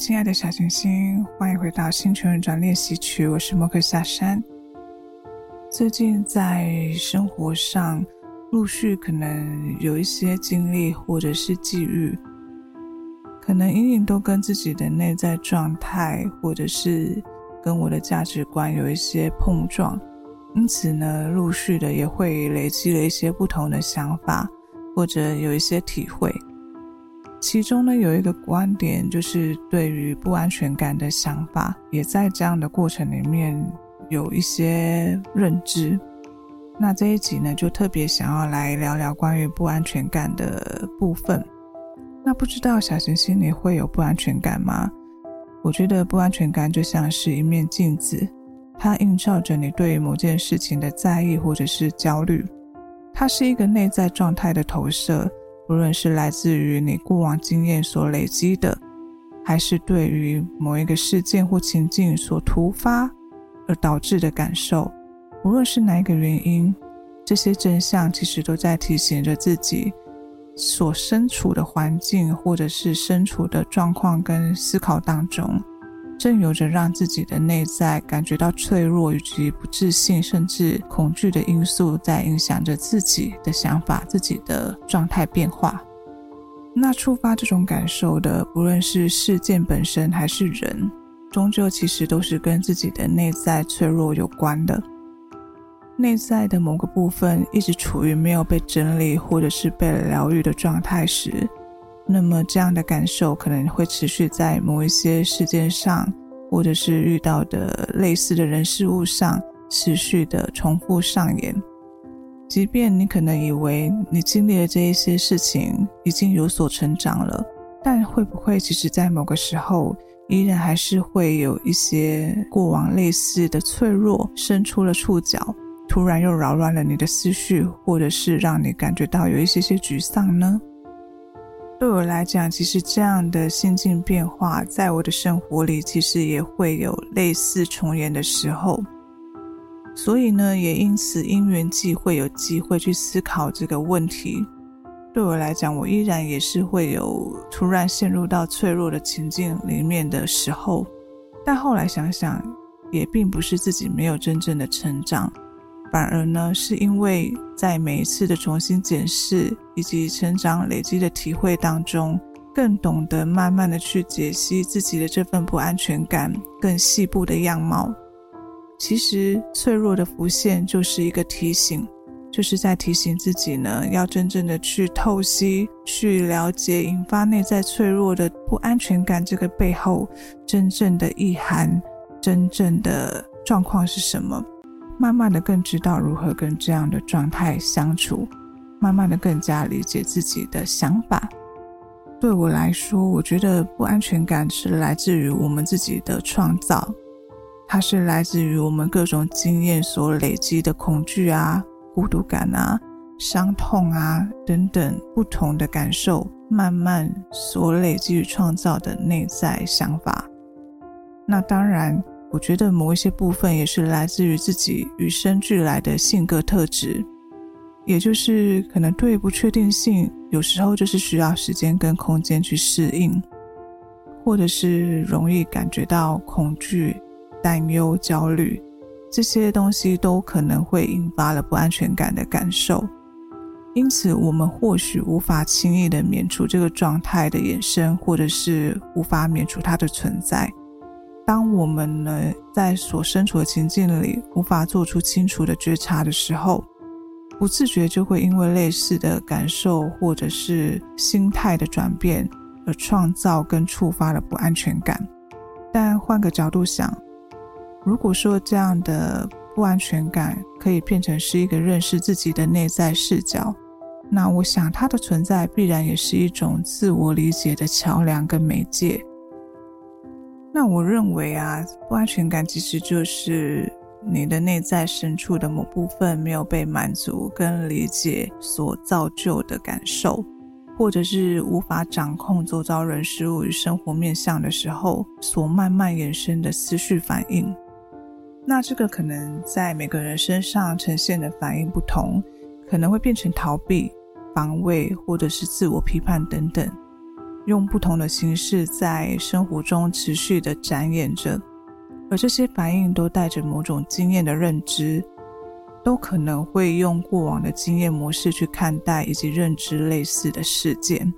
親愛的，小星星，歡迎回到《星球運轉練習曲》。我是莫克夏山。最近在生活上，陸續可能有一些經歷或者是際遇，可能隱隱都跟自己的內在狀態，或者是跟我的價值觀有一些碰撞。因此呢，陸續的也會累積了一些不同的想法，或者有一些體會。其中呢，有一個觀點，就是對於不安全感的想法，也在這樣的過程裡面有一些認知。那這一集呢，就特別想要來聊聊關於不安全感的部分。那不知道小星星你會有不安全感嗎？我覺得不安全感就像是一面鏡子，它映照着你對於某件事情的在意或者是焦慮。它是一個內在狀態的投射。無論是來自於你過往經驗所累積的，還是對於某一個事件或情境所突發而導致的感受，無論是哪一個原因，這些真相其實都在提醒着自己所身處的環境，或者是身處的狀況跟思考當中。正有着讓自己的內在感覺到脆弱，以及不自信，甚至恐懼的因素，在影響着自己的想法、自己的狀態變化。那觸發這種感受的，不論是事件本身，還是人，終究其實都是跟自己的內在脆弱有關的。內在的某個部分一直處於沒有被整理，或者是被療癒的狀態時。那麼，這樣的感受可能會持續在某一些事件上，或者是遇到的類似的人事物上，持續的重複上演。即便你可能以為你經歷了這一些事情已經有所成長了，但會不會其實，在某個時候，依然還是會有一些過往類似的脆弱伸出了觸角，突然又擾亂了你的思緒，或者是讓你感覺到有一些些沮喪呢？對我來講，其實這樣的心境變化，在我的生活裡，其實也會有類似重演的時候。所以呢，也因此因緣際會，有機會去思考這個問題。對我來講，我依然也是會有突然陷入到脆弱的情境裡面的時候。但後來想想，也並不是自己沒有真正的成長。反而呢，是因為在每一次的重新檢視以及成長累積的體會當中，更懂得慢慢的去解析自己的這份不安全感，更細部的樣貌。其實脆弱的浮現就是一個提醒，就是在提醒自己呢，要真正的去透析、去了解引發內在脆弱的不安全感這個背後，真正的意涵、真正的狀況是什麼。慢慢的，更知道如何跟這樣的狀態相處；慢慢的，更加理解自己的想法。對我來說，我覺得不安全感是來自於我們自己的創造，它是來自於我們各種經驗所累積的恐懼啊、孤獨感啊、傷痛啊等等不同的感受，慢慢所累積創造的內在想法。那當然。我覺得某一些部分也是來自於自己與生俱來的性格特質，也就是可能對不確定性，有時候就是需要時間跟空間去適應，或者是容易感覺到恐懼、擔憂、焦慮，這些東西都可能會引發了不安全感的感受，因此我們或許無法輕易的免除這個狀態的衍生，或者是無法免除它的存在。當我們呢，在所身處的情境裡，無法做出清楚的覺察的時候，不自覺就會因為類似的感受或者是心態的轉變而創造跟觸發了不安全感。但換個角度想，如果說這樣的不安全感可以變成是一個認識自己的內在視角，那我想它的存在必然也是一種自我理解的橋樑跟媒介。那我認為啊，不安全感其實就是你的內在深處的某部分沒有被滿足跟理解所造就的感受，或者是無法掌控周遭人事物與生活面向的時候所慢慢延伸的思緒反應。那這個可能在每個人身上呈現的反應不同，可能會變成逃避、防衛或者是自我批判等等。用不同的形式在生活中持續的展演着，而這些反應都帶着某種經驗的認知，都可能會用過往的經驗模式去看待以及認知類似的事件。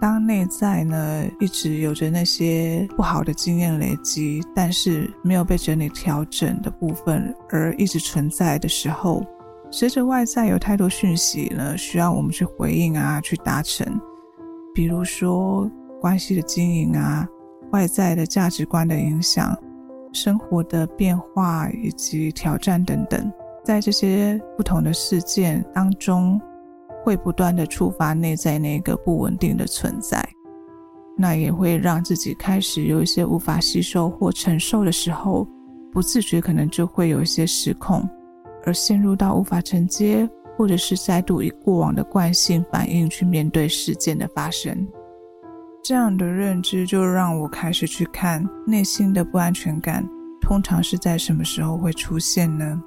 當內在呢，一直有着那些不好的經驗累積，但是沒有被整理調整的部分而一直存在的時候，隨着外在有太多訊息呢，需要我們去回應啊，去達成。比如說，關係的經營啊，外在的價值觀的影響，生活的變化以及挑戰等等，在這些不同的事件當中，會不斷地觸發內在那個不穩定的存在，那也會讓自己開始有一些無法吸收或承受的時候，不自覺可能就會有一些失控，而陷入到無法承接。或者是再度以過往的慣性反應去面對事件的發生，這樣的認知就讓我開始去看內心的不安全感，通常是在什麼時候會出現呢？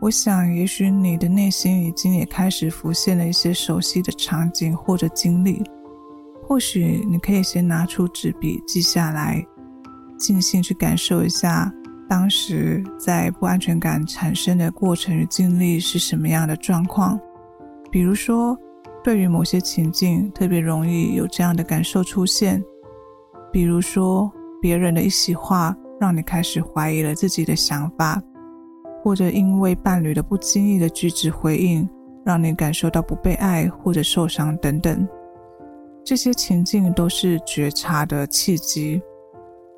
我想，也許你的內心已經也開始浮現了一些熟悉的場景或者經歷，或許你可以先拿出紙筆記下來，靜心去感受一下。當時在不安全感產生的過程與經歷是什麼樣的狀況？比如說，對於某些情境特別容易有這樣的感受出現；比如說，別人的一席話讓你開始懷疑了自己的想法，或者因為伴侶的不經意的句子回應，讓你感受到不被愛或者受傷等等。這些情境都是覺察的契機。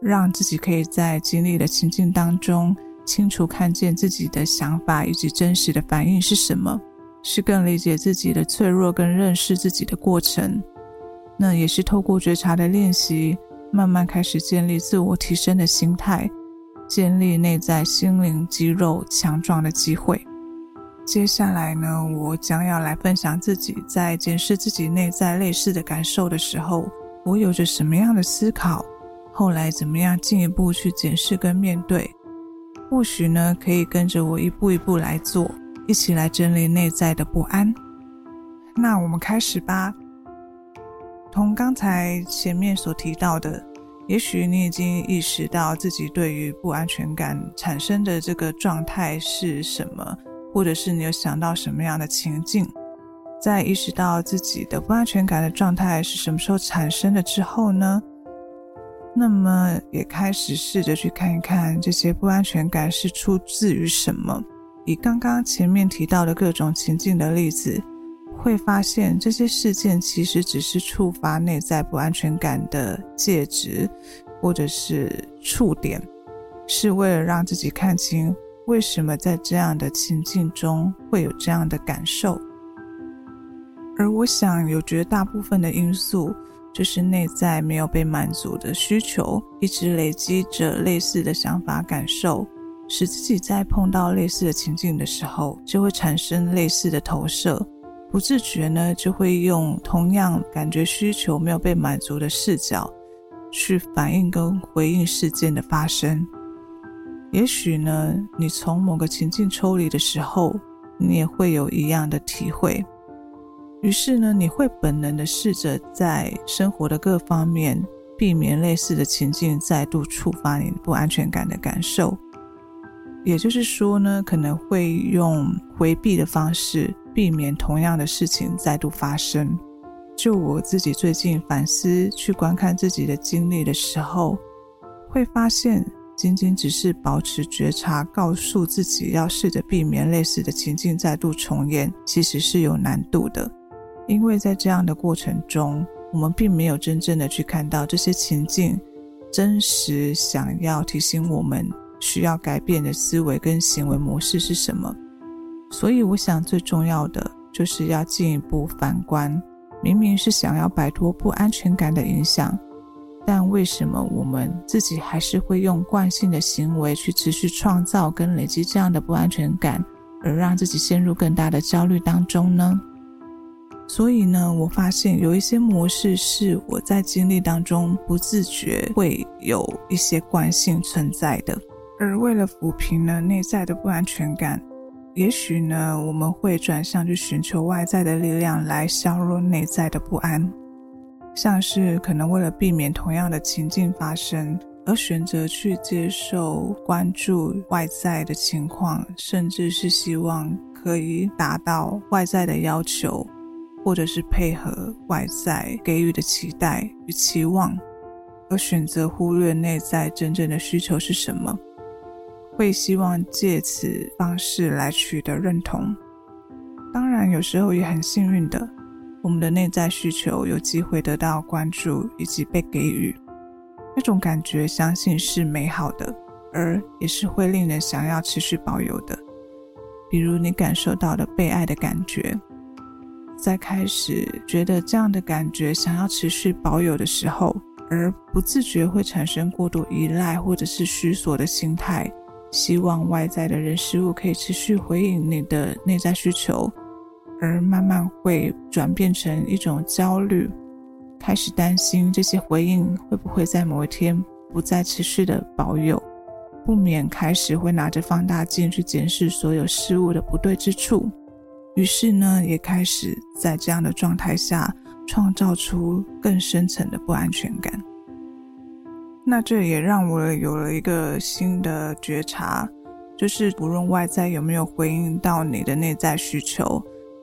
讓自己可以在經歷的情境當中，清楚看見自己的想法以及真實的反應是什麼，是更理解自己的脆弱跟認識自己的過程。那也是透過覺察的練習，慢慢開始建立自我提升的心態，建立內在心靈肌肉強壯的機會。接下來呢，我將要來分享自己在檢視自己內在類似的感受的時候，我有着什麼樣的思考。後來怎麼樣，進一步去檢視跟面對，或許呢，可以跟着我一步一步來做，一起來整理內在的不安。那我們開始吧。從剛才前面所提到的，也許你已經意識到自己對於不安全感產生的這個狀態是什麼，或者是你有想到什麼樣的情境？在意識到自己的不安全感的狀態是什麼時候產生的之後呢，那麼，也開始試着去看一看這些不安全感是出自於什麼。以剛剛前面提到的各種情境的例子，會發現這些事件其實只是觸發內在不安全感的介質，或者是觸點，是為了讓自己看清為什麼在這樣的情境中會有這樣的感受。而我想，有絕大部分的因素，就是內在沒有被滿足的需求，一直累積着類似的想法、感受，使自己在碰到類似的情境的時候，就會產生類似的投射。不自覺呢，就會用同樣感覺需求沒有被滿足的視角去反應跟回應事件的發生。也許呢，你從某個情境抽離的時候，你也會有一樣的體會。於是呢，你會本能的試着在生活的各方面避免類似的情境再度觸發你不安全感的感受。也就是說呢，可能會用回避的方式避免同樣的事情再度發生。就我自己最近反思去觀看自己的經歷的時候，會發現，僅僅只是保持覺察，告訴自己要試着避免類似的情境再度重演，其實是有難度的。因為在這樣的過程中，我們並沒有真正的去看到這些情境真實想要提醒我們需要改變的思維跟行為模式是什麼。所以我想最重要的就是要進一步反觀，明明是想要擺脫不安全感的影響，但為什麼我們自己還是會用慣性的行為去持續創造跟累積這樣的不安全感，而讓自己陷入更大的焦慮當中呢？所以呢，我發現有一些模式是我在經歷當中不自覺會有一些慣性存在的。而為了撫平呢，內在的不安全感，也許呢，我們會轉向去尋求外在的力量來削弱內在的不安，像是可能為了避免同樣的情境發生，而選擇去接受關注外在的情況，甚至是希望可以達到外在的要求。或者是配合外在給予的期待與期望，而選擇忽略內在真正的需求是什麼，會希望借此方式來取得認同。當然，有時候也很幸運的，我們的內在需求有機會得到關注以及被給予，那種感覺，相信是美好的，而也是會令人想要持續保有的。比如，你感受到的被愛的感覺。在開始覺得這樣的感覺想要持續保有的時候，而不自覺會產生過度依賴或者是需索的心態，希望外在的人事物可以持續回應你的內在需求，而慢慢會轉變成一種焦慮，開始擔心這些回應會不會在某一天不再持續的保有，不免開始會拿着放大鏡去檢視所有事物的不對之處。於是呢，也開始在這樣的狀態下創造出更深層的不安全感。那這也讓我有了一個新的覺察，就是無論外在有沒有回應到你的內在需求，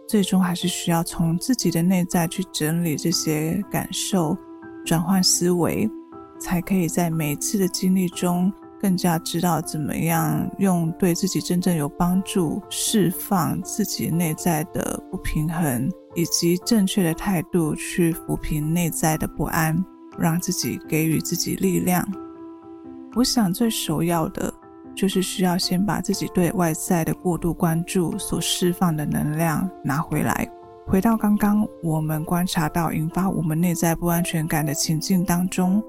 最終還是需要從自己的內在去整理這些感受，轉換思維，才可以在每一次的經歷中，更加知道怎麼樣用對自己真正有幫助、釋放自己內在的不平衡以及正確的態度去撫平內在的不安，讓自己給予自己力量。我想最首要的，就是需要先把自己對外在的過度關注所釋放的能量拿回來，回到剛剛我們觀察到引發我們內在不安全感的情境當中。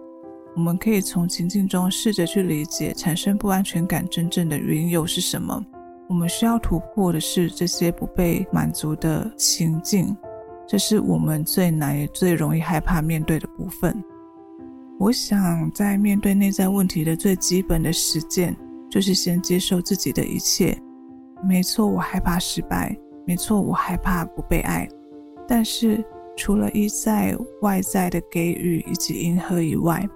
我們可以從情境中試着去理解產生不安全感真正的原因又是什麼。我們需要突破的是這些不被滿足的情境，這是我們最難也最容易害怕面對的部分。我想，在面對內在問題的最基本的實踐，就是先接受自己的一切。沒錯，我害怕失敗；沒錯，我害怕不被愛。但是，除了依賴外在的給予以及迎合以外，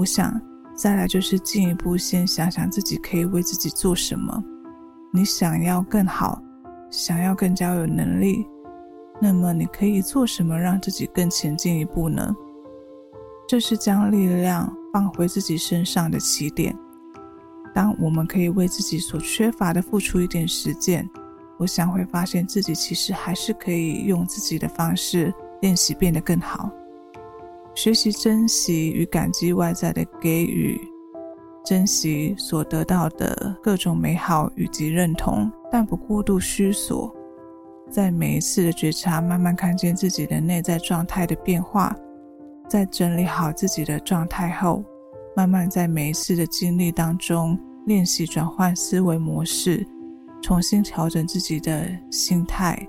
我想，再來就是進一步，先想想自己可以為自己做什麼。你想要更好，想要更加有能力，那麼你可以做什麼讓自己更前進一步呢？這是將力量放回自己身上的起點。當我們可以為自己所缺乏的付出一點時間，我想會發現自己其實還是可以用自己的方式練習變得更好。學習珍惜與感激外在的給予，珍惜所得到的各種美好以及認同，但不過度需索。在每一次的覺察，慢慢看見自己的內在狀態的變化，在整理好自己的狀態後，慢慢在每一次的經歷當中練習轉換思維模式，重新調整自己的心態，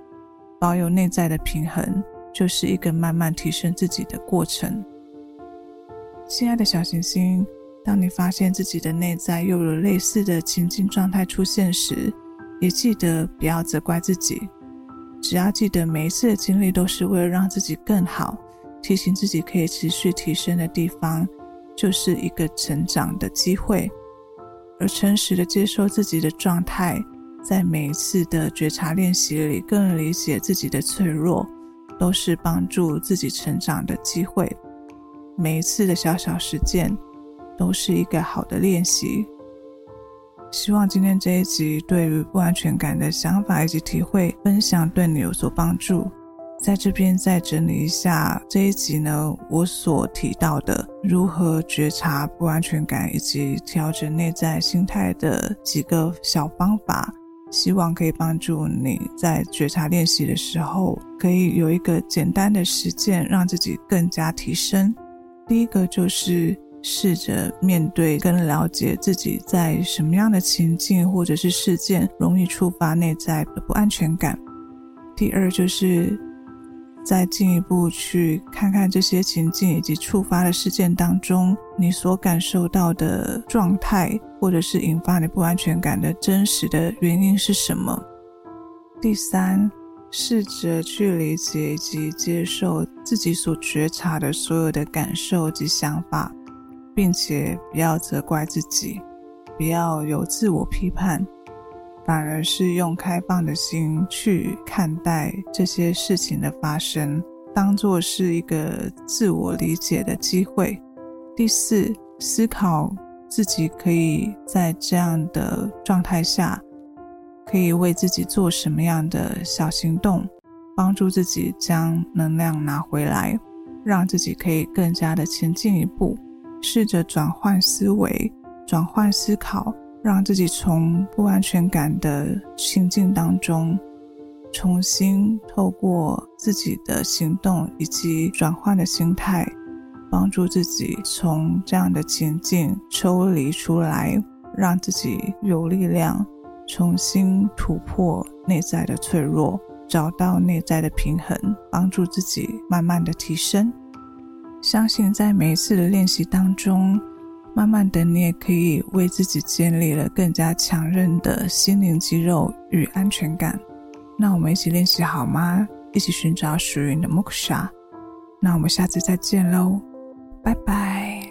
保有內在的平衡。就是一個慢慢提升自己的過程。親愛的小行星，當你發現自己的內在又有類似的情境狀態出現時，也記得不要責怪自己。只要記得每一次的經歷都是為了讓自己更好，提醒自己可以持續提升的地方，就是一個成長的機會。而誠實的接受自己的狀態，在每一次的覺察練習裡，更能理解自己的脆弱。都是幫助自己成長的機會，每一次的小小實踐都是一個好的練習。希望今天這一集對於不安全感的想法以及體會分享對你有所幫助。在這邊再整理一下這一集呢，我所提到的如何覺察不安全感以及調整內在心態的幾個小方法。希望可以幫助你在覺察練習的時候，可以有一個簡單的實踐，讓自己更加提升。第一個就是試着面對跟了解自己在什麼樣的情境或者是事件容易觸發內在的不安全感。第二就是。再進一步去看看這些情境以及觸發的事件當中，你所感受到的狀態，或者是引發你不安全感的真實的原因是什麼？第三，試着去理解以及接受自己所覺察的所有的感受及想法，並且不要責怪自己，不要有自我批判。反而是用開放的心去看待這些事情的發生，當作是一個自我理解的機會。第四，思考自己可以在這樣的狀態下，可以為自己做什麼樣的小行動，幫助自己將能量拿回來，讓自己可以更加的前進一步，試着轉換思維，轉換思考。讓自己從不安全感的情境當中，重新透過自己的行動以及轉換的心態，幫助自己從這樣的情境抽離出來，讓自己有力量，重新突破內在的脆弱，找到內在的平衡，幫助自己慢慢的提升。相信在每一次的練習當中。慢慢的，你也可以為自己建立了更加強韌的心靈肌肉與安全感。那我們一起練習好嗎？一起尋找屬於你的 Moksha。那我們下次再見嘍，拜拜。